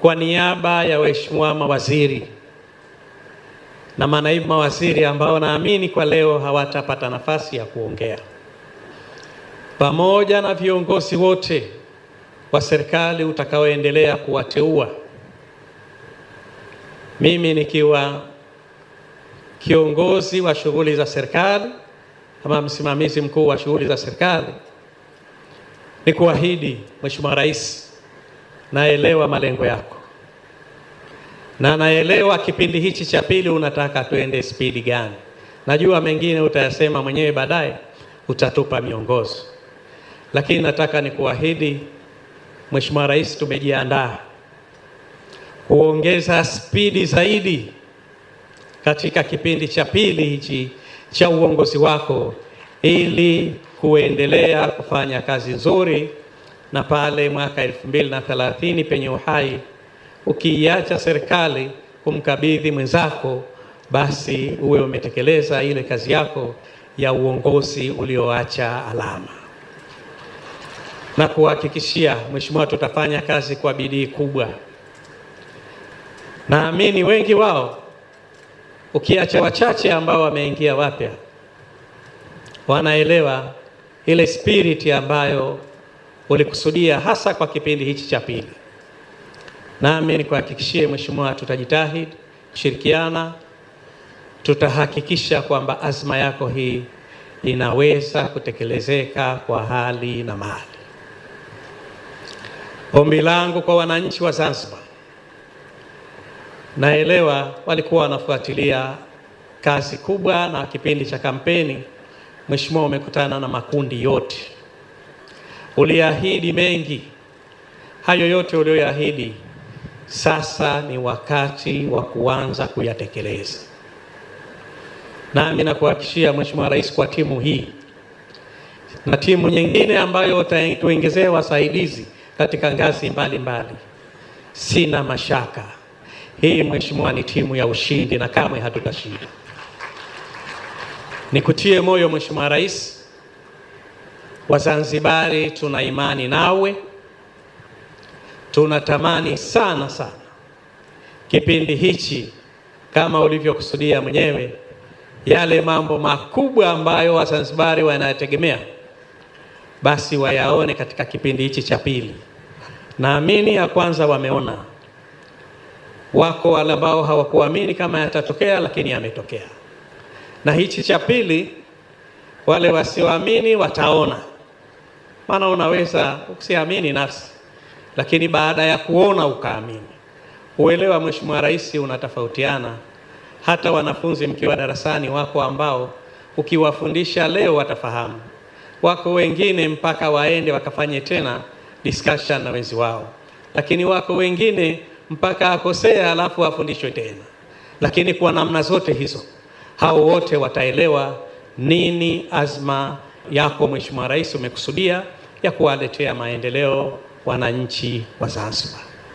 Kwa niaba ya waheshimiwa mawaziri na manaibu mawaziri ambao naamini kwa leo hawatapata nafasi ya kuongea, pamoja na viongozi wote wa serikali utakaoendelea kuwateua, mimi nikiwa kiongozi wa shughuli za serikali kama msimamizi mkuu wa shughuli za serikali, ni kuahidi Mheshimiwa Rais naelewa malengo yako na naelewa kipindi hichi cha pili unataka tuende spidi gani. Najua mengine utayasema mwenyewe baadaye, utatupa miongozo, lakini nataka nikuahidi Mheshimiwa Rais, tumejiandaa kuongeza spidi zaidi katika kipindi cha pili hichi cha uongozi wako ili kuendelea kufanya kazi nzuri na pale mwaka elfu mbili na thelathini penye uhai, ukiiacha serikali kumkabidhi mwenzako, basi uwe umetekeleza ile kazi yako ya uongozi ulioacha alama. Na kuhakikishia Mheshimiwa, tutafanya kazi kwa bidii kubwa. Naamini wengi wao ukiacha wachache ambao wameingia wapya, wanaelewa ile spiriti ambayo ulikusudia hasa kwa kipindi hichi cha pili. Nami nikuhakikishie Mheshimiwa, tutajitahidi kushirikiana, tutahakikisha kwamba azma yako hii inaweza kutekelezeka kwa hali na mali. Ombi langu kwa wananchi wa Zanzibar, naelewa walikuwa wanafuatilia kazi kubwa na kipindi cha kampeni. Mheshimiwa, umekutana na makundi yote Uliahidi mengi, hayo yote uliyoyaahidi, sasa ni wakati wa kuanza kuyatekeleza. Nami nakuhakikishia Mheshimiwa Rais, kwa timu hii na timu nyingine ambayo tuongezee wasaidizi katika ngazi mbalimbali, sina mashaka hii, Mheshimiwa, ni timu ya ushindi na kamwe hatutashinda. Nikutie moyo Mheshimiwa Rais Wazanzibari tuna imani nawe, tunatamani sana sana kipindi hichi kama ulivyokusudia mwenyewe, yale mambo makubwa ambayo Wazanzibari wanayategemea basi wayaone katika kipindi hichi cha pili. Naamini ya kwanza wameona, wako wale ambao hawakuamini kama yatatokea, lakini yametokea, na hichi cha pili wale wasioamini wataona maana unaweza usiamini nafsi, lakini baada ya kuona ukaamini. Uelewa Mheshimiwa Rais unatofautiana. Hata wanafunzi mkiwa darasani, wako ambao ukiwafundisha leo watafahamu, wako wengine mpaka waende wakafanye tena discussion na wenzi wao, lakini wako wengine mpaka akosea alafu afundishwe tena. Lakini kwa namna zote hizo, hao wote wataelewa nini azma yako Mheshimiwa Rais umekusudia ya kuwaletea maendeleo wananchi wa Zanzibar.